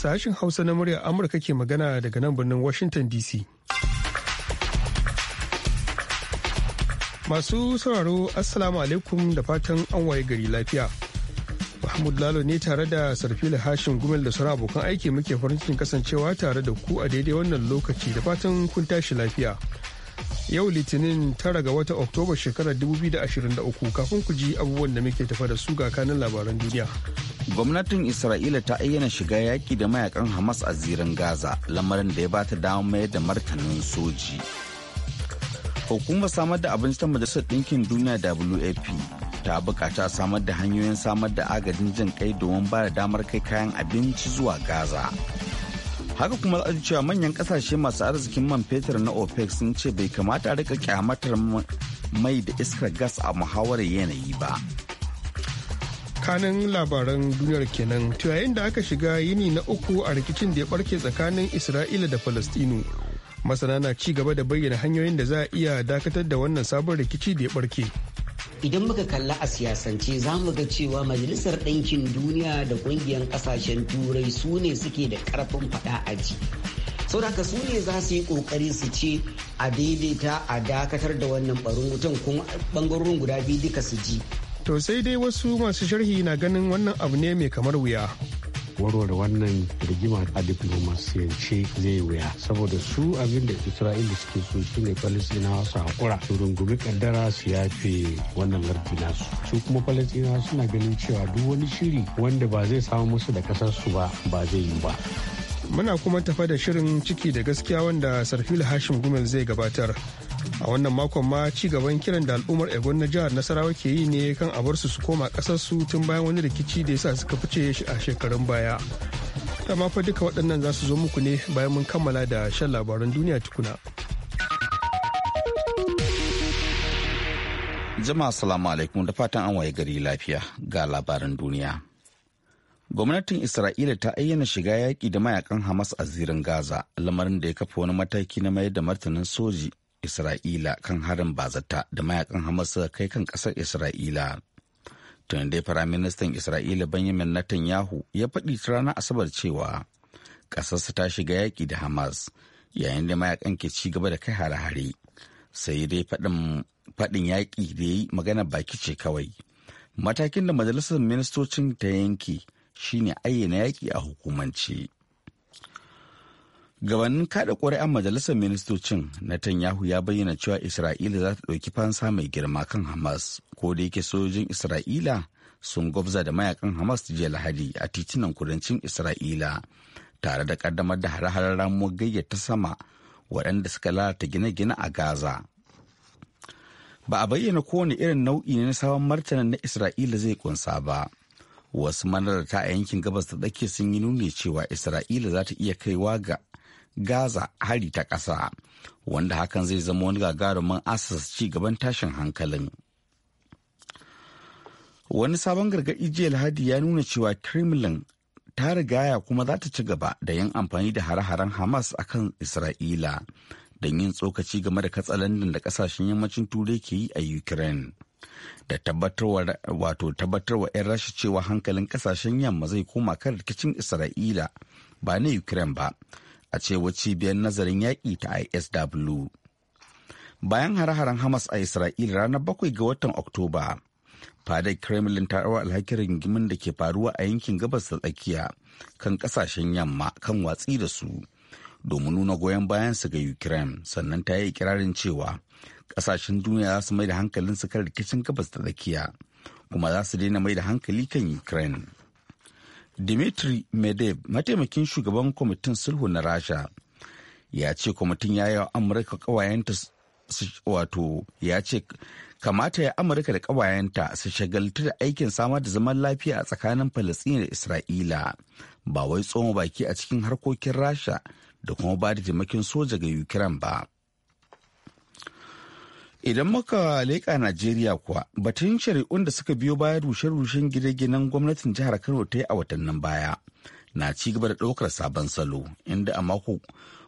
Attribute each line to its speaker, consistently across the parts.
Speaker 1: Sashen Hausa na muryar Amurka ke magana daga nan birnin Washington DC. Masu sauraro Assalamu alaikum da fatan an waye gari lafiya. Mahmud Lalo ne tare da Sarfila hashin Gumel da sauran abokan aiki muke farin cikin kasancewa tare da ku a daidai wannan lokaci da fatan kun tashi lafiya. yau litinin tara ga wata oktoba shekarar 2023 kafin ku ji abubuwan da muke tafa da su ga kanin labaran duniya gwamnatin
Speaker 2: isra'ila ta ayyana shiga yaki da mayakan hamas a zirin gaza lamarin da ya ba ta damar mayar da martanin soji hukumar samar da abinci ta majalisar ɗinkin duniya wap ta bukata samar da hanyoyin samar da agajin jin kai domin ba da damar kai kayan abinci zuwa gaza haka kuma za an cewa manyan kasashe masu arzikin man fetur na opec sun ce bai kamata a rika kyamatar mai da iskar gas a muhawarar yanayi ba
Speaker 1: kanin labaran duniyar kenan to yayin da aka shiga yini na uku a rikicin da ya barke tsakanin isra'ila da palestino masana na ci gaba da bayyana hanyoyin da za a iya dakatar da wannan sabon rikici da ya barke
Speaker 3: idan muka kalla a siyasance za mu ga cewa majalisar ɗinkin duniya da ƙungiyar ƙasashen turai su ne suke da ƙarfin faɗa a ji saboda su ne za su yi ƙoƙari su ce a daidaita a dakatar da wannan barin wutan kuma ɓangarorin guda
Speaker 1: biyu duka su ji to sai dai wasu masu sharhi na ganin wannan abu ne mai kamar wuya
Speaker 4: warware wannan rigima a diplomasiyance zai wuya saboda su abin da isra'ila suke so shine palestinawa su haƙura su rungumi kaddara su yafe wannan larfi nasu su kuma palestinawa suna ganin cewa duk wani shiri wanda ba zai samu musu da kasar su ba ba zai yi ba
Speaker 1: muna kuma tafa da shirin ciki da gaskiya wanda sarfil hashim gumel zai gabatar a wannan makon ma ci gaban kiran da al'ummar egon na jihar nasarawa ke yi ne kan a bar su su koma su tun bayan wani rikici da yasa suka fice a shekarun baya ta fa duka waɗannan za su zo muku ne bayan mun kammala da shan labaran duniya tukuna
Speaker 2: jama'a salamu alaikum da fatan an waye gari lafiya ga labaran duniya gwamnatin isra'ila ta ayyana shiga yaƙi da mayakan hamas a zirin gaza lamarin da ya kafa wani mataki na mayar da martanin soji isra'ila kan harin bazata da mayakan hamas suka kai kan kasar isra'ila tun dai firaministan isra'ila benjamin netanyahu ya faɗi ta ranar asabar cewa ƙasarsa ta shiga yaƙi da hamas yayin da mayakan ke ci gaba da kai hare-hare sai dai faɗin yaƙi da ya yi magana baki ce kawai matakin da majalisar ministocin ta yanke shine ayyana yaƙi a hukumance. gabanin kada ƙuri'an majalisar ministocin netanyahu ya bayyana cewa isra'ila za ta ɗauki fansa mai girma kan hamas ko da yake sojojin isra'ila sun gwabza da mayakan hamas jiya lahadi a titunan kudancin isra'ila tare da kaddamar da hare-haren ramuwar gayyar ta sama waɗanda suka lalata gine-gine a gaza ba a bayyana kowane irin nau'i ne na sabon martanin na isra'ila zai kunsa ba wasu manarata a yankin gabas ta tsakiya sun yi nuni cewa isra'ila za ta iya kaiwa ga Gaza hari ta ƙasa, wanda hakan zai zama wani gagarumin asas ci gaban tashin hankalin. Wani sabon gargaɗi jiya Lahadi ya nuna cewa Kremlin ta rigaya kuma za ta ci gaba da yin amfani da hare-haren Hamas a kan Isra'ila don yin tsokaci game da katsalandan da kasashen yammacin Turai ke yi a Ukraine. Da tabbatarwa wato tabbatarwa 'yan rashi cewa hankalin kasashen yamma zai koma kan rikicin Isra'ila ba na Ukraine ba. a cewar cibiyar nazarin yaƙi ta isw bayan hare-haren hamas a isra'ila ranar bakwai ga watan oktoba fadar kremlin ta rawa alhakin rigimin da ke faruwa a yankin gabas da tsakiya kan kasashen yamma kan watsi da su domin nuna goyon bayan su ga ukraine sannan ta yi ikirarin cewa kasashen duniya za su mai da hankalin su kan rikicin gabas da tsakiya kuma za su daina mai da hankali kan ukraine Dimitri Medvedev mataimakin shugaban kwamitin sulhu na Rasha ya ce kwamitin ya yi wa Amurka kawayenta wato ya ce kamata ya Amurka da kawayenta su shagaltu da aikin samar da zaman lafiya a tsakanin Falasɗina da Isra'ila ba wai tsoma baki a cikin harkokin Rasha da kuma ba da taimakin soja ga Ukraine ba. Idan muka leƙa Najeriya kuwa batun shari'un da suka biyo baya rushe-rushen gine-ginen gwamnatin jihar Kano ta yi a watannin baya na ci gaba da ɗaukar sabon salo inda a mako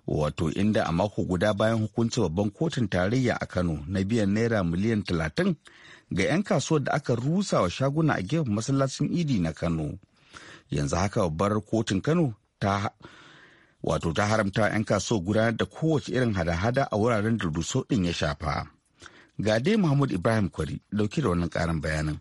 Speaker 2: wato inda a mako guda bayan hukuncin babban kotun tarayya a Kano na biyan naira miliyan talatin ga 'yan kasuwar da aka rusa wa shaguna a gefen masallacin idi na Kano. Yanzu haka babbar kotun Kano ta wato ta haramta 'yan kasuwar gudanar da kowace irin hada-hada a wuraren da ruso ɗin ya shafa. Ga dai Mahmud Ibrahim Kwari dauke da wannan karin bayanin.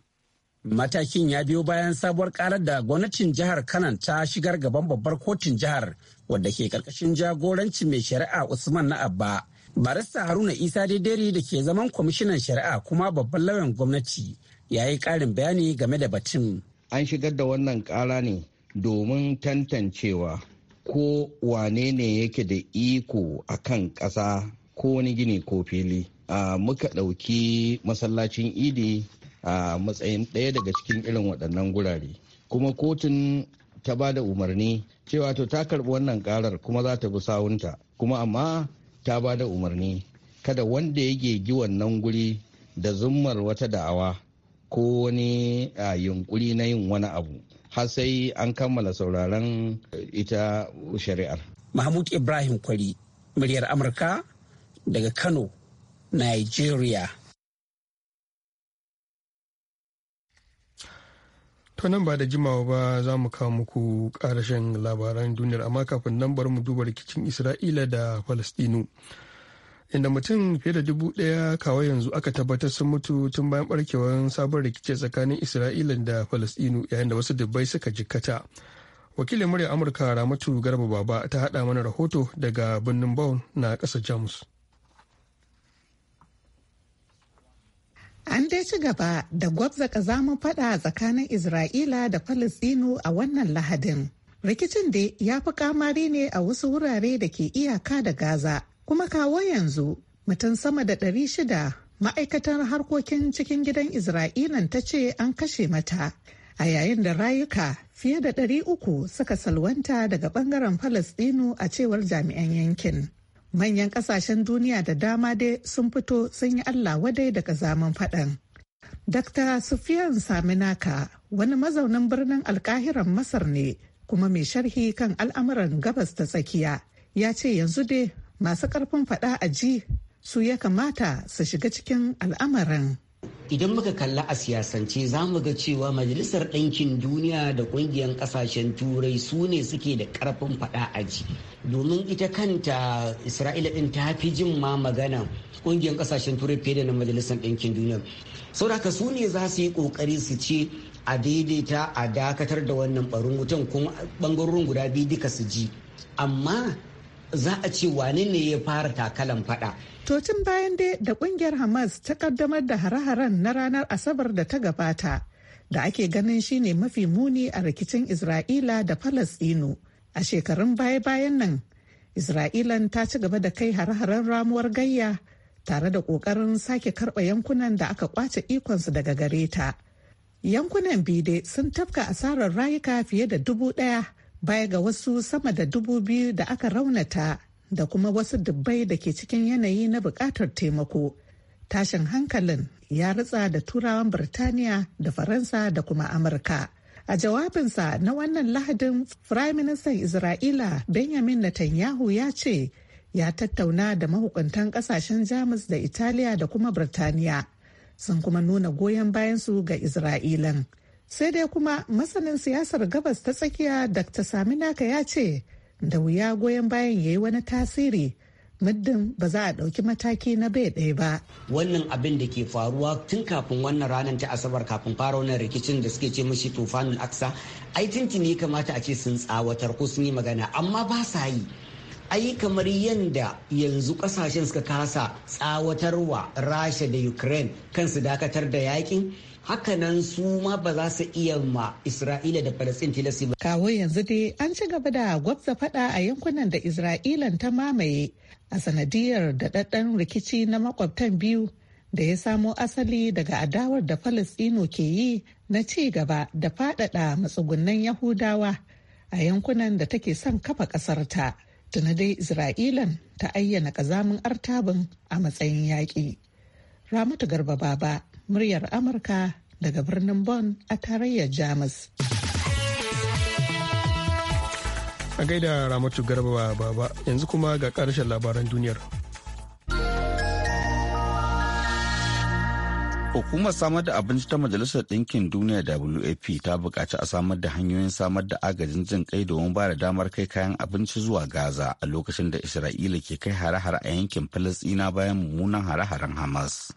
Speaker 2: Matakin ya biyo bayan sabuwar karar da gwamnatin jihar Kanan ta shigar gaban babbar kotun jihar wadda ke karkashin jagorancin mai shari'a Usman na Abba. Barista Haruna Isa Dederi da ke zaman kwamishinan shari'a kuma babban lauyan gwamnati ya yi karin bayani game da batun. An shigar da wannan kara ne domin tantancewa ko wane ne yake da iko a kan ƙasa ko wani gini ko fili. muka ɗauki masallacin idi a matsayin ɗaya daga cikin irin waɗannan gurare kuma kotun ta ba da umarni cewa to ta karɓi wannan ƙarar kuma za ta bi sawunta kuma amma ta ba da umarni kada wanda ya gegi wannan guri da zummar wata da'awa ko wani yunkuri na yin wani abu har sai an kammala sauraron ita shari'ar. Mahmud Ibrahim Kwari, muryar Amurka
Speaker 3: daga Kano, Nigeria.
Speaker 1: To nan ba da jimawa ba za mu kawo muku karashen labaran duniyar amma kafin nan bari mu duba rikicin Isra'ila da Falastinu. Inda mutum fiye da dubu ɗaya kawai yanzu aka tabbatar sun mutu tun bayan barkewar sabon rikici tsakanin Isra'ila da Falastinu yayin da wasu dubbai suka jikkata. Wakilin murya Amurka Ramatu Garba Baba ta haɗa mana rahoto daga birnin Ba'u na ƙasar Jamus.
Speaker 5: An dai ci gaba da gwabza kazamin fada tsakanin Isra'ila da Falistinu a wannan Lahadin. Rikicin da ya fi kamari ne a wasu wurare da ke iyaka da Gaza, kuma kawo yanzu mutum sama da ɗari shida ma'aikatar harkokin cikin gidan Isra'ilan ta ce an kashe mata. A yayin da rayuka fiye da ɗari uku suka salwanta daga ɓangaren Falistinu a cewar jami'an yankin. manyan kasashen duniya da dama dai sun fito sun yi allah wadai daga zaman faɗan dr sufiyan saminaka wani mazaunin birnin alkahiran masar ne kuma mai sharhi kan al'amuran gabas ta tsakiya ya ce yanzu dai masu ƙarfin faɗa a ji su ya kamata su shiga cikin al'amarin
Speaker 3: idan muka kalla a siyasance za mu ga cewa majalisar ɗinkin duniya da ƙungiyar ƙasashen turai su ne suke da ƙarfin faɗa a ji domin ita kanta isra'ila ɗin ta fi jin ma magana ƙungiyar ƙasashen turai fiye da na majalisar ɗinkin duniya saboda su ne za su yi ƙoƙari su ce a daidaita a dakatar da wannan barin wutan kuma ɓangarorin guda biyu duka su ji amma za a ce wane ne ya fara takalan fada.
Speaker 5: To bayan dai da kungiyar Hamas ta kaddamar da hare na ranar Asabar da ta gabata da ake ganin shine mafi muni a rikicin Isra'ila da Falasɗinu. A shekarun baya-bayan nan, Isra'ilan ta ci gaba da kai hare-haren ramuwar gayya tare da ƙoƙarin sake karɓa yankunan da aka ƙwace ikonsu daga gare ta. Yankunan bide sun tafka asarar rayuka fiye da dubu ɗaya baya ga wasu sama da dubu biyu da aka raunata da kuma wasu dubbai da ke cikin yanayi na bukatar taimako tashin hankalin ya ritsa da turawan birtaniya da faransa da kuma amurka a jawabinsa na wannan lahadin firayim ministan isra'ila benjamin netanyahu ya ce ya tattauna da mahukuntan kasashen jamus da italiya da kuma birtaniya sun kuma nuna goyon bayansu ga isra'ilan sai dai kuma masanin siyasar gabas ta tsakiya dr saminaka ya ce da wuya goyon bayan ya yi wani tasiri muddin ba za a ɗauki mataki na bai ɗaya ba.
Speaker 3: Wannan abin da ke faruwa tun kafin wannan ranar ta Asabar kafin fara wannan rikicin da suke ce mashi tufanin aksa, ai ne kamata a ce sun tsawatar ko sun yi magana amma ba sa yi. Ai kamar yadda yanzu kasashen suka kasa tsawatarwa Rasha da Ukraine kansu dakatar da yakin hakanan su ma ba za su iya ma isra'ila da falastin tilasi ba kawo
Speaker 5: yanzu dai an ci gaba da gwabza fada a yankunan da isra'ilan ta mamaye a sanadiyar daɗaɗɗen rikici na makwabtan biyu da ya samo asali daga adawar da Falasɗinu ke yi na ci gaba da faɗaɗa matsugunan Yahudawa a yankunan da take son kafa ƙasarta. Tuna dai Isra'ilan ta ayyana ƙazamin artabin a matsayin yaƙi. Ramatu Garba Baba, muryar Amurka daga birnin Bonn a tarayyar Jamus.
Speaker 1: A gaida Ramatu Garba Baba yanzu kuma ga ƙarshen labaran duniyar. Hukumar samar da
Speaker 2: abinci ta Majalisar Ɗinkin Duniya WAP ta buƙaci a samar da hanyoyin samar da agajin jin kai domin ba da damar kai kayan abinci zuwa Gaza a lokacin da Isra'ila ke kai hare-hare a yankin Falasɗina bayan mummunan hare-haren Hamas.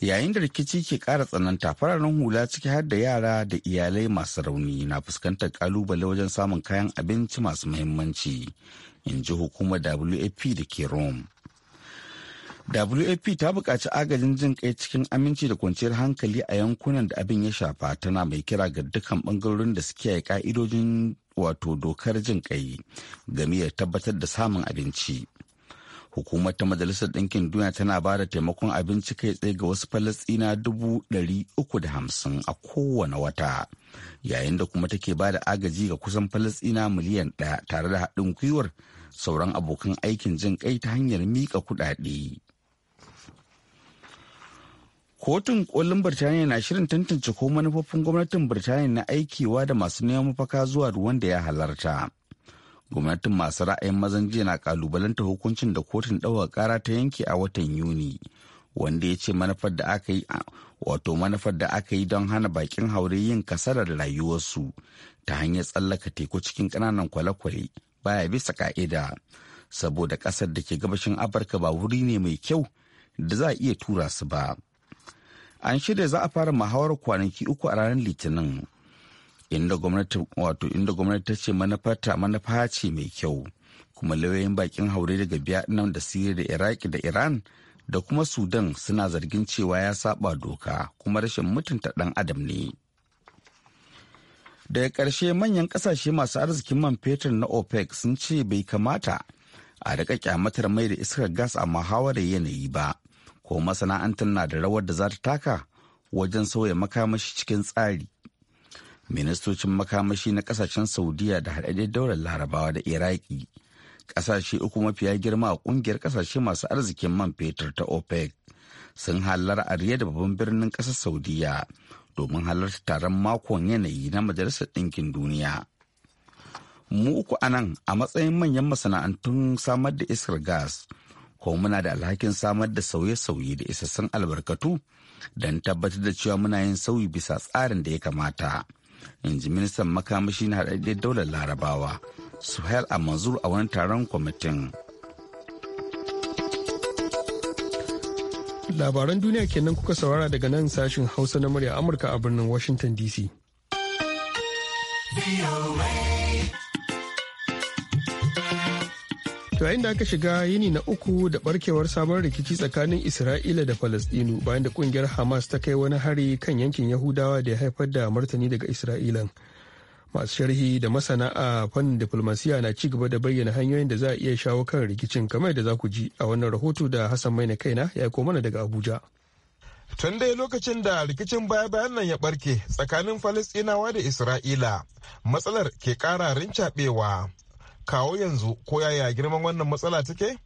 Speaker 2: yayin da rikici ke ƙara tsananta fararen hula ciki har da yara da iyalai masu rauni na fuskantar kalubale wajen samun kayan abinci masu muhimmanci in ji hukumar wap da ke rome wap ta buƙaci agajin jin kai cikin aminci da kwanciyar hankali a yankunan da abin ya shafa tana mai kira ga dukkan bangarorin da suke kiyaye ka'idojin wato dokar jin kai game da tabbatar da samun abinci hukumar ta majalisar ɗinkin duniya tana ba da taimakon abinci kai tsaye ga wasu falastina dubu ɗari uku da hamsin a kowane wata yayin da kuma take ba da agaji ga kusan falastina miliyan ɗaya tare da haɗin gwiwar sauran abokan aikin jin kai ta hanyar miƙa kuɗaɗe kotun kolin birtaniya na shirin tantance ko manufofin gwamnatin birtaniya na aikewa da masu neman mafaka zuwa ruwan da ya halarta gwamnatin masu ra'ayin mazan jiya na kalubalanta hukuncin da kotun ɗaukar ƙara ta yanke a watan yuni wanda ya ce manufar da aka yi wato manufar da aka yi don hana baƙin haure yin kasarar rayuwarsu ta hanyar tsallaka teku cikin ƙananan kwale-kwale baya bisa ka'ida saboda ƙasar da ke gabashin afirka ba wuri ne mai kyau da za a iya tura su ba an shirya za a fara muhawarar kwanaki uku a ranar litinin inda gwamnati inda gwamnati ta ce manufata manufa ce mai kyau kuma lauyoyin bakin haure daga Vietnam da Siriya da Iraki da Iran da kuma Sudan suna zargin cewa ya saba doka kuma rashin mutunta dan adam ne. Daga ƙarshe manyan ƙasashe masu arzikin man fetur na OPEC sun ce bai kamata a rika kyamatar mai da iskar gas a muhawarar yanayi ba, ko masana'antar na da rawar da za ta taka wajen sauya makamashi cikin tsari ministocin makamashi na kasashen saudiya da haɗaɗɗen daular larabawa da iraki ƙasashe uku mafiya girma a ƙungiyar ƙasashe masu arzikin man fetur ta opec sun halar a da babban birnin ƙasar saudiya domin halarta taron makon yanayi na majalisar ɗinkin duniya mu uku anan a matsayin manyan masana'antun samar da iskar gas ko muna da alhakin samar da sauye-sauye da isassun albarkatu don tabbatar da cewa muna yin sauyi bisa tsarin da ya kamata. in ji ministan makamashi na haɗaɗɗen daular larabawa suhail amazur a wani taron kwamitin
Speaker 1: labaran duniya kenan kuka saurara daga nan sashin hausa na murya amurka a birnin washington dc To yayin da aka shiga yini na uku da barkewar sabon rikici tsakanin Isra'ila da Falasɗinu bayan da kungiyar Hamas ta kai wani hari kan yankin Yahudawa da ya haifar da martani daga isra'ila Masu sharhi da masana a fannin diplomasiya na ci gaba da bayyana hanyoyin da za a iya shawo kan rikicin kamar da za ku ji a wannan rahoto da Hassan Maina kaina ya mana daga Abuja. tun dai lokacin da
Speaker 6: rikicin baya bayan nan ya barke tsakanin Falasɗinawa da Isra'ila matsalar ke ƙara rincaɓewa kawo yanzu ko yaya girman wannan matsala take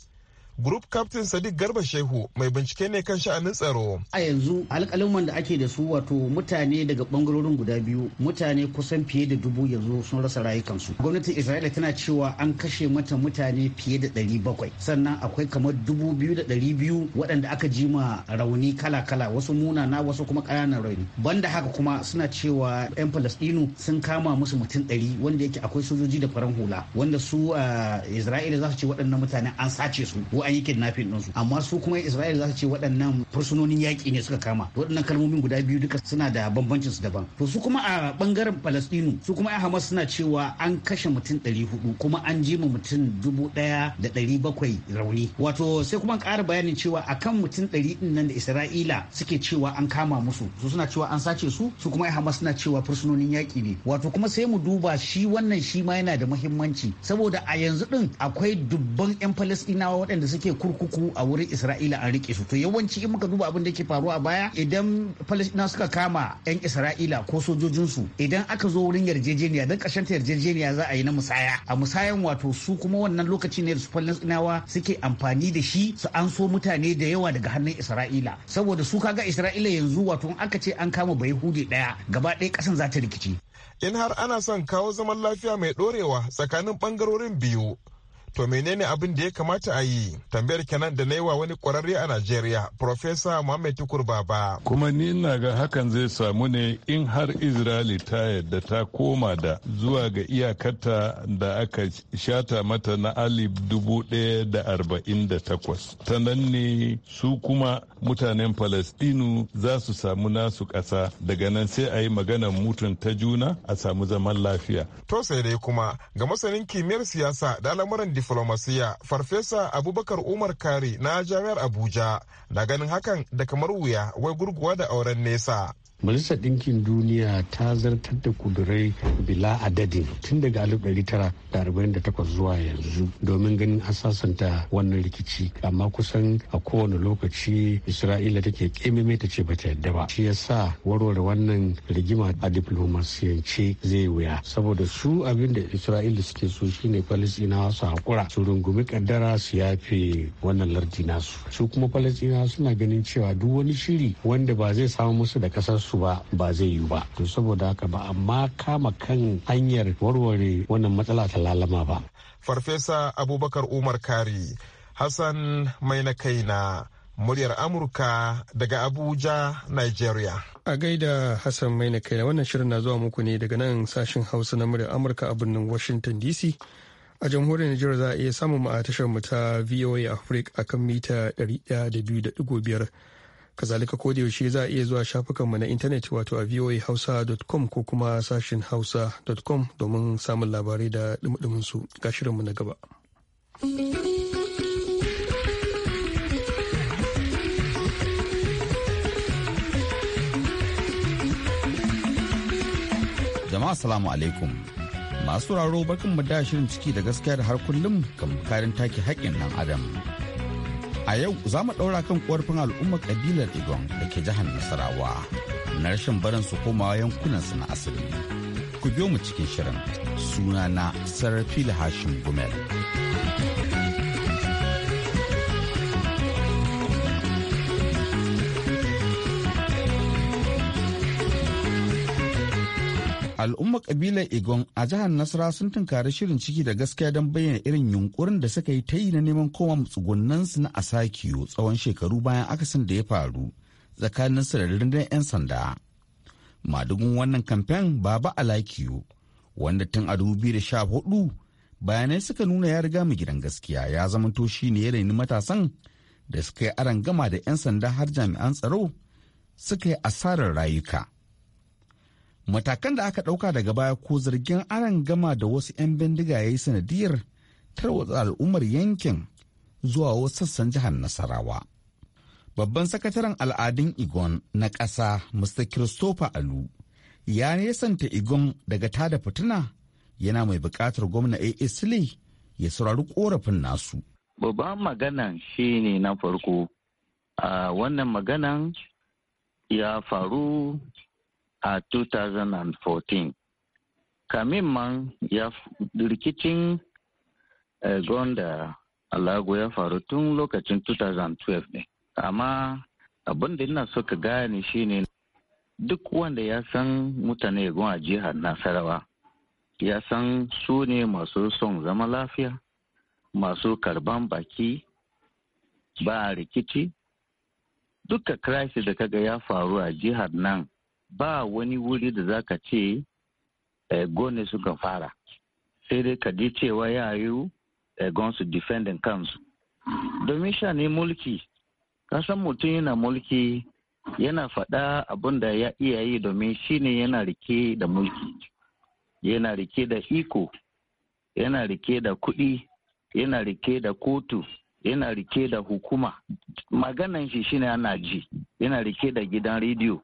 Speaker 6: Group Captain Sadiq Garba Shehu mai bincike ne kan sha'anin tsaro.
Speaker 7: A yanzu alƙaluman da ake da su wato mutane daga bangarorin guda biyu mutane kusan fiye da dubu yanzu sun rasa rayukansu. Gwamnatin Isra'ila tana cewa an kashe mata mutane fiye da ɗari bakwai. Sannan akwai kamar dubu biyu da ɗari biyu waɗanda aka ji ma rauni kala-kala wasu munana wasu kuma ƙananan rauni. Banda haka kuma suna cewa 'yan Falasɗinu sun kama musu mutum ɗari wanda yake akwai sojoji da faran hula wanda su ah, Isra'ila za su ce waɗannan mutane an sace su. an yi kidnapping ɗinsu amma su kuma isra'ila za su ce waɗannan fursunonin yaƙi ne suka kama waɗannan kalmomin guda biyu duka suna da bambancin su daban to su kuma a bangaren palestinu su kuma ya hamas suna cewa an kashe mutum ɗari hudu kuma an jima mutum dubu ɗaya da ɗari bakwai rauni wato sai kuma ƙara bayanin cewa akan mutum ɗari ɗin nan da isra'ila suke cewa an kama musu su suna cewa an sace su su kuma ya hamas suna cewa fursunonin yaƙi ne wato kuma sai mu duba shi wannan shi ma yana da muhimmanci saboda a yanzu din akwai dubban 'yan palestinawa waɗanda suke suke kurkuku a wurin isra'ila an rike su to yawanci in muka duba abin da yake faruwa a baya idan falastina suka kama yan isra'ila ko sojojinsu idan aka zo wurin yarjejeniya don ƙarshen ta yarjejeniya za a yi na musaya a musayan wato su kuma wannan lokaci ne da su falastinawa suke amfani da shi su an so mutane da yawa daga hannun isra'ila saboda su kaga isra'ila yanzu wato in aka
Speaker 6: ce an kama bai hude ɗaya gaba ɗaya ƙasan za ta rikici in har ana son kawo zaman lafiya mai ɗorewa tsakanin bangarorin biyu To menene abin da ya kamata a yi? Tambayar kenan da na yi wa wani kwararre a Najeriya, Profesa Muhammad Tukur Baba. Kuma ni na ga hakan zai samu ne in har israeli ta yadda ta koma da zuwa ga iyakarta da aka shata mata na alif dubu ɗaya da arba'in da takwas. Ta nan ne su kuma mutanen palestinu za su samu nasu ƙasa daga nan sai a yi maganar ta juna a samu zaman lafiya. To sai dai kuma ga masanin kimiyyar siyasa da al'amuran diflomasiya farfesa abubakar umar kari na jami'ar abuja na ganin hakan da kamar wuya wai gurguwa da auren nesa
Speaker 4: majalisar dinkin duniya ta zartar da kudurai bila adadin tun daga 1948 zuwa yanzu domin ganin an wannan rikici amma kusan a kowane lokaci isra'ila take kememe ta ce bata yadda ba shi yasa warware wannan rigima a diplomasiyance zai wuya saboda su abin da isra'ila suke so shine palestinawa su hakura su rungumi kaddara su yafe wannan lardi nasu su kuma palestinawa suna ganin cewa duk wani shiri wanda ba zai samu musu da kasar su ba ba zai yiwu ba to saboda haka ba amma kama kan hanyar warware wannan matsala ta lalama ba
Speaker 6: farfesa abubakar umar kari hassan mai na kaina muryar amurka daga abuja nigeria
Speaker 1: a gaida hassan mai na kaina wannan shirin na zuwa muku ne daga nan sashen hausa na muryar amurka a birnin washington dc a jamhuriyar Nijar za a iya samun mu a tashar mu ta VOA Africa akan mita 102.5 Kazalika ko da yaushe za a iya zuwa shafukanmu na intanet wato a voahausa.com ko kuma sashin hausa.com domin samun labarai da dumudumunsu su ga shirinmu na gaba.
Speaker 2: Jama'a salamu alaikum. Masu raro barkan mu da shirin ciki da gaskiya da har kullum kan karin take haƙƙin ɗan adam. A yau za mu ɗaura kan ƙorafin al'ummar ƙabilar Igon da ke jihar Nasarawa na rashin barin su komawa yankunansu na asali. Ku biyo mu cikin shirin sunana sarafili Hashim Gumel. al'ummar kabilar igon a jihar nasara sun tunkari shirin ciki da gaskiya don bayyana irin yunkurin da suka yi ta yi na neman koma tsugunansu na asakiyo tsawon shekaru bayan akasin da ya faru tsakanin su da rundunar 'yan sanda madugun wannan kamfen baba alakiyo wanda tun a hudu bayanai suka nuna ya riga mu gidan gaskiya ya zamanto shi ne ya raini matasan da suka yi aron gama da 'yan sanda har jami'an tsaro suka yi asarar rayuka matakan da aka ɗauka daga baya ko zargin anan gama da wasu 'yan bindiga ya yi sanadiyar tarwatsa al'ummar yankin zuwa wasu sassan jihar nasarawa babban sakataren al'adun igon na ƙasa mr christopher alu ya nesanta igon daga tada fitina yana mai buƙatar gwamna a ya saurari ƙorafin nasu
Speaker 8: babban maganan ne na farko wannan maganan ya faru a 2014 kamin man ya rikicin eh, da alago ya faru tun lokacin 2012 ne amma abin da ina so ka gane shine duk wanda ya san mutane gon a jihar nasarawa ya san su ne masu son zama lafiya masu karban baki ba a rikici duka crisis da kaga ya faru a jihar nan ba wani wuri da za ka ce eh, gone suka fara sai dai ka ji cewa yayu eh, gon su defendin kansu domin sha ne mulki kasan mutum yana mulki yana faɗa abin da ya iya yi domin ne yana rike da mulki yana rike da iko yana rike da kuɗi yana rike da kotu yana rike da hukuma maganan shi shine ana ji yana rike da gidan rediyo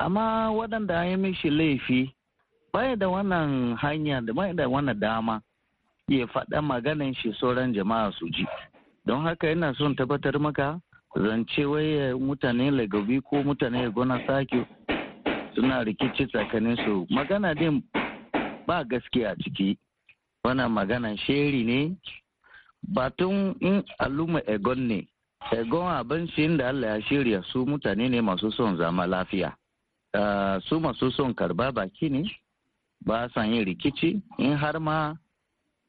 Speaker 8: amma waɗanda ya mishi laifi baya da wannan hanya da baya da wannan dama ya faɗa maganin shi sauran jama'a su ji don haka yana son tabbatar maka zance waye mutane lagabi ko mutane gona sake suna rikici tsakanin su magana din ba gaskiya ciki wannan magana sheri ne batun in aluma egon ne egon abin shi da allah ya shirya su mutane ne masu son zama lafiya Eh, su masu son karba baki ne ba san yin rikici in har ma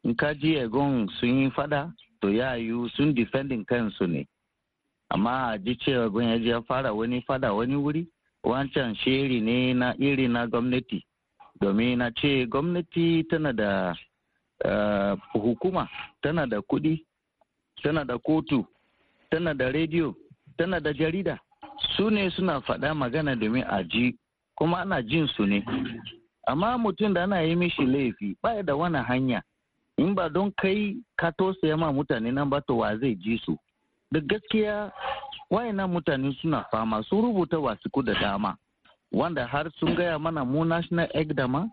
Speaker 8: in ka ji egon sun yi fada to ya yi sun defending kansu ne amma a ji cewa gun ya ya fara wani fada wani wuri wancan shiri ne na iri na gwamnati domin na ce gwamnati tana da eh, hukuma tana da kudi tana da kotu tana da rediyo tana da jarida su ne suna faɗa magana domin a ji kuma ana jin su ne amma mutum da ana yi mishi laifi ba da wani hanya in ba don kai ka tosaya ma mutane nan ba to wa zai ji su da gaskiya nan mutane suna fama sun rubuta wasiku da dama wanda har sun gaya mana mu national egdama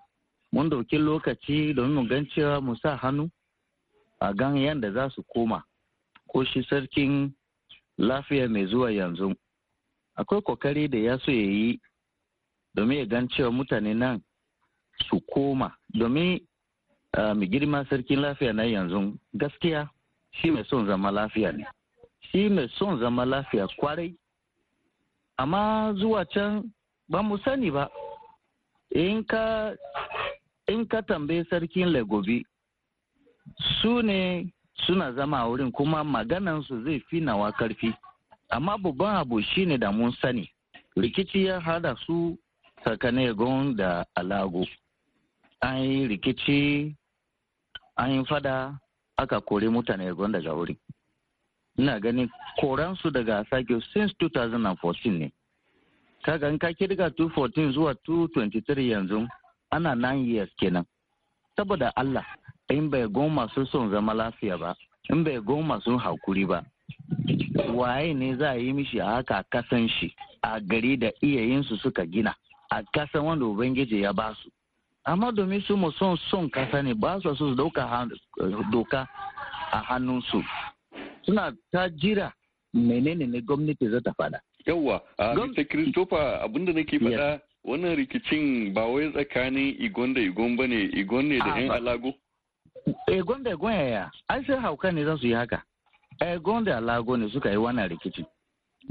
Speaker 8: mun dauki lokaci domin mu gan cewa mu sa hannu a gan yadda za su koma ko shi sarkin lafiya mai zuwa yanzu akwai kokari da ya so ya yi domin ya gan cewa mutane nan su koma domin mai girma sarkin lafiya na yanzu gaskiya shi mai son zama lafiya ne shi mai son zama lafiya kwarai amma zuwa can ba mu sani ba in ka in ka tambaye sarkin lagobi su ne suna zama a wurin kuma maganansu zai fi nawa karfi amma babban abu shine da mun sani rikici ya hada su tsakanin da alago an yi rikici an yi fada aka kore mutane egon daga wuri ina ganin koransu daga sake since 2014 ne kaga in ka kirga 214 zuwa 223 yanzu ana 9 years kenan saboda allah in bai goma masu son zama lafiya ba in bai goma masu hakuri ba waye ne za a yi mishi a haka kasan shi a gari da iyayensu suka gina a kasan wanda ubangiji ya ba su amma domin su mu son son kasa ne ba su su dauka doka a hannunsu suna ta jira menene ne gwamnati za ta fada yawwa mr christopher abinda nake fada wannan rikicin ba wai tsakanin igon da igon ba ne igon ne da yan alago igon da igon yaya ai sai hauka ne za su yi haka egon eh, da alago ne suka yi wannan rikicin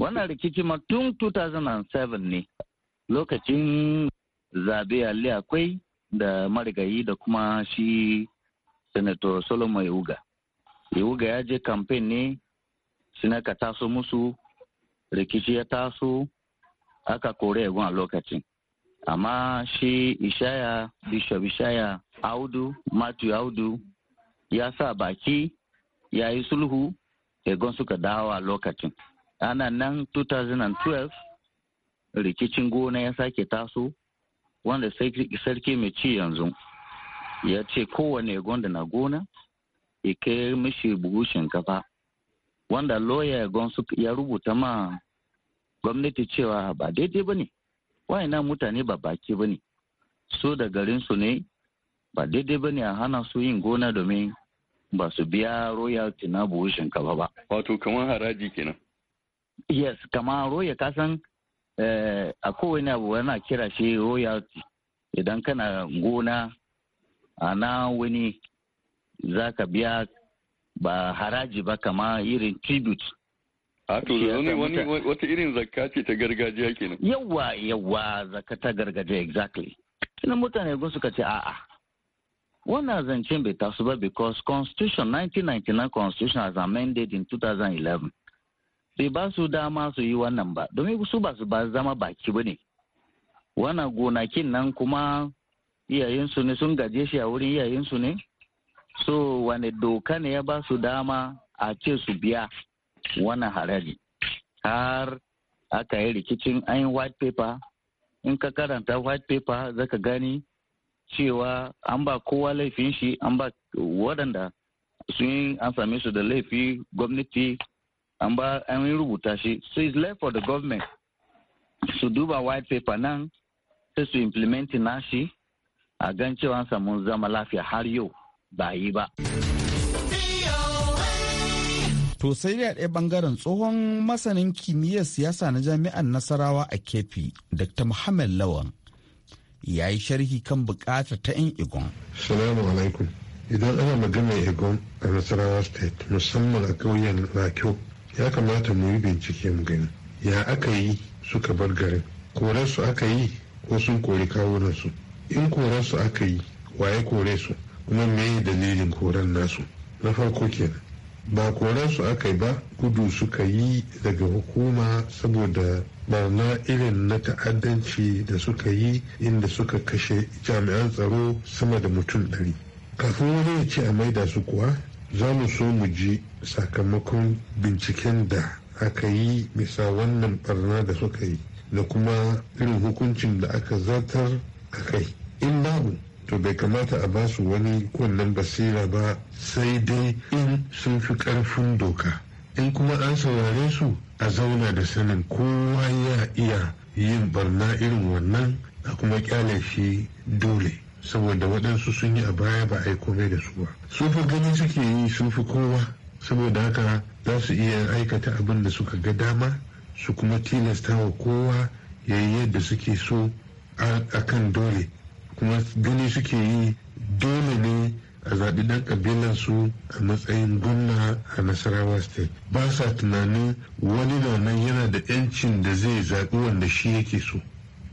Speaker 8: wannan rikici ma tun 2007 ne lokacin zabe ali akwai da marigayi da kuma shi senator solomon iwuga iwuga ya je kamfen ne sinaka taso musu rikici ya taso aka kore egon a lokacin amma shi ishaya bishop ishaya audu matthew audu ya sa baki ya yi sulhu egon suka dawo a lokacin ana nan 2012 rikicin gona ya sake taso wanda sarki mai ci yanzu ya ce kowane egon da na gona ya kai mishi buhu shinkafa wanda loya egon ya rubuta ma gwamnati cewa ba daidai ba ne wayannan mutane ba baki ba ne so da garinsu ne ba daidai ba ne a hana su yin gona domin ba su biya royalty na buhu shinkafa ba. Wato kamar haraji kenan. Yes, kamar roya kasan eh, a kowane abu yana kira shi royalty idan kana gona a na wani za ka biya ba haraji ba kama irin tribute. A to wani wata irin zakka ce ta gargajiya kenan. Yawwa yawwa zakka ta gargajiya exactly. Kina mutane gun suka ce a'a. Wannan zancen bai taso ba because Constitution 1999 Constitution as amended in 2011 bai ba su dama su yi wannan ba domin su ba su ba zama baki ba ne. Wannan gonakin nan kuma iyayensu ne sun gaje shi a wurin iyayensu ne. So wane doka ne ya ba su dama a ce su biya wannan haraji. Har aka yi rikicin an white paper in ka karanta white paper zaka gani cewa an ba kowa laifin shi an ba waɗanda sun an same su da laifi gwamnati an ba an rubuta shi so it's left for the government su duba white paper nan sai su implement na shi a gan cewa an samu zama lafiya har yau ba yi ba.
Speaker 2: To sai a ɗaya bangaren tsohon masanin kimiyyar siyasa na jami'an Nasarawa a Kefi, Dr. Muhammad
Speaker 9: Lawan, ya yi sharhi kan bukata ta 'yan igon. Salamu alaikum. Idan ana magana igon a Nasarawa State musamman a ƙauyen Rakyau ya kamata mu yi bincike mu gani. Ya aka yi suka bar garin? su aka yi ko sun kori kawunan su? In su aka yi waye kore su kuma me dalilin koren nasu? Na farko kenan. Ba su aka yi ba gudu suka yi daga hukuma saboda barna irin na ta'addanci da suka yi inda suka kashe jami'an tsaro sama da mutum ɗari kafin wani ya ce a maida su kuwa za mu so mu ji sakamakon binciken da aka yi bisa wannan barna da suka yi da kuma irin hukuncin da aka zartar a kai in babu to bai kamata a ba su wani kunnen basira ba sai dai in sun fi karfin doka in kuma an saurare su a zauna da sanin kowa ya iya yin barna irin wannan a kuma kyale shi dole saboda waɗansu sun yi a baya ba a yi komai da su ba su gani suke yi sufi kowa saboda haka za su iya aikata abin da suka ga dama su kuma tilasta wa kowa ya yi yadda suke so a kan dole kuma gani suke yi dole ne a zaɓi ɗan ƙabilansu a matsayin gwamna a nasarawa state ba sa tunanin wani na nan yana da 'yancin da zai zaɓi wanda shi yake so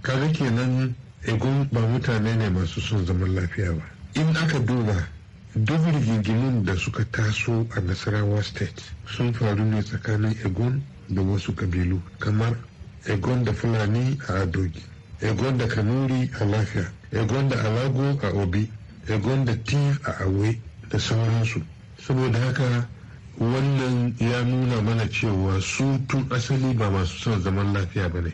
Speaker 9: kaga kenan egun ba mutane ne masu son zaman lafiya ba in aka duba duk rigingimin da suka taso a nasarawa state sun faru ne tsakanin egun da wasu ƙabilu kamar egon da fulani a adogi egon da kanuri a lafiya egon da alago a obi ya gwanda gwamnati a awe da sauransu saboda haka wannan ya nuna mana cewa su tun asali ba masu son zaman lafiya ba ne.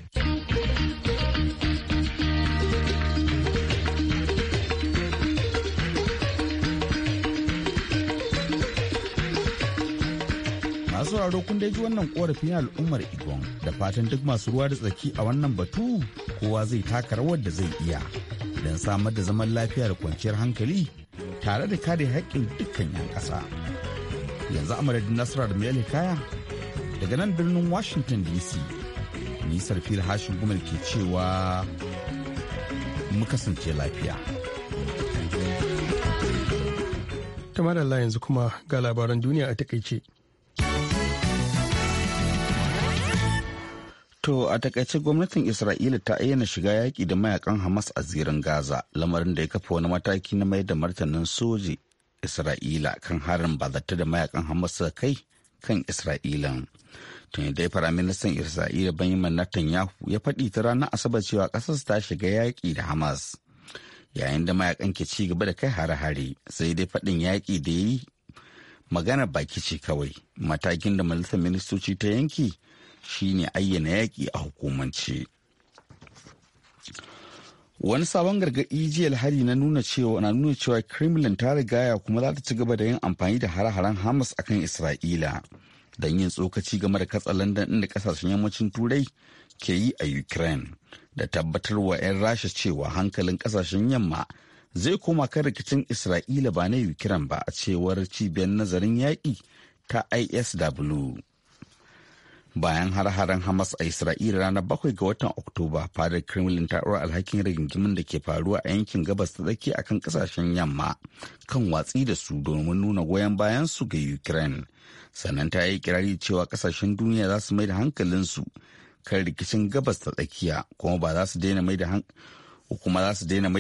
Speaker 2: sauraro kun dai ji wannan korafi na al'ummar Igon da fatan duk masu ruwa da tsaki a wannan batu kowa zai taka rawar da zai iya don samar da zaman lafiya da kwanciyar hankali tare da kare haƙƙin dukkan 'yan ƙasa. Yanzu a madadin Nasara da mai Kaya daga nan birnin Washington DC. Nisar fil hashin gumal ke cewa
Speaker 1: mu kasance lafiya. Kamar Allah yanzu kuma ga labaran duniya a takaice.
Speaker 2: To a takaice gwamnatin Isra'ila ta ayyana shiga yaƙi da mayakan Hamas a zirin Gaza, lamarin da ya kafa wani mataki na mai da martanin soji Isra'ila kan harin ba zata da mayakan Hamas suka kai kan Isra'ila. Tun dai Firaministan Isra'ila Benjamin Netanyahu ya faɗi ta ranar Asabar cewa ƙasar ta shiga yaƙi da Hamas. Yayin da mayakan ke ci gaba da kai hare-hare, sai dai faɗin yaƙi da ya yi magana baki ce kawai. Matakin da Majalisar Ministoci ta yanki shine ayyana yaƙi a hukumance wani sabon gargaɗi jiya lahadi na nuna cewa na nuna cewa kremlin ta rigaya kuma za ta ci gaba da yin amfani da hare-haren hamas akan isra'ila don yin tsokaci game da katsa london inda kasashen yammacin turai ke yi a ukraine da tabbatar wa 'yan rasha cewa hankalin kasashen yamma zai koma kan rikicin isra'ila ba na ukraine ba a cewar cibiyar nazarin yaƙi ta isw bayan har-haren hamas a isra'ila ranar bakwai ga watan oktoba fadar kremlin ta ɗora alhakin rigingimin da ke faruwa a yankin gabas ta tsakiya akan kasashen yamma kan watsi da su domin nuna goyon bayan su ga ukraine sannan ta yi kirari cewa kasashen duniya za su mai da hankalinsu kan rikicin gabas ta tsakiya kuma ba za su daina mai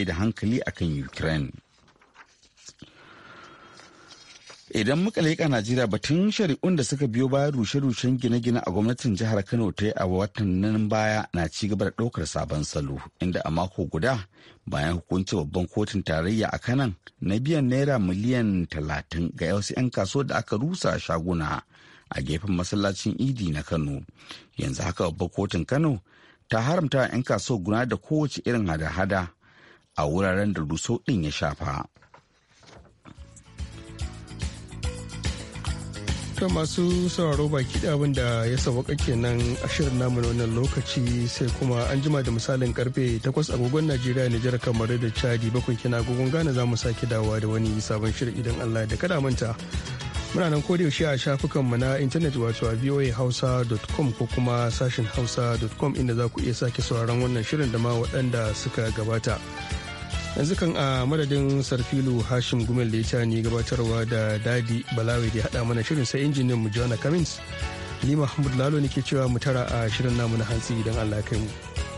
Speaker 2: da hankali akan ukraine idan muka leƙa najeriya batun shari'un da suka biyo bayan rushe-rushen gine-gine a gwamnatin jihar kano ta yi a nan baya na ci gaba da ɗaukar sabon salo inda a mako guda bayan hukuncin babban kotun tarayya a kanan na biyan naira miliyan talatin ga wasu 'yan kaso da aka rusa shaguna a gefen masallacin idi na kano yanzu haka babban kotun kano ta haramta 'yan kaso guna da kowace irin hada-hada a wuraren da rusau ɗin ya shafa
Speaker 1: To masu sauraro baki da abin da ya sauwaka kenan a shirin namu na wannan lokaci sai kuma an jima da misalin karfe 8 agogon Najeriya Nijar kamar da Chadi bakwai kina agogon Ghana za mu sake dawowa da wani sabon shirin idan Allah da kada manta. Muna nan ko yaushe a shafukan mu na intanet wato a voahausa.com ko kuma sashin hausa.com inda za ku iya sake sauraron wannan shirin da ma waɗanda suka gabata. yanzu kan a madadin sarfilu hashim gumel da ya ne gabatarwa da dadi balawi da ya hada mana shirin sai injinin mu jona cummins ni mahmud lalo ne ke cewa mu tara a shirin namu na hantsi idan allah kai mu.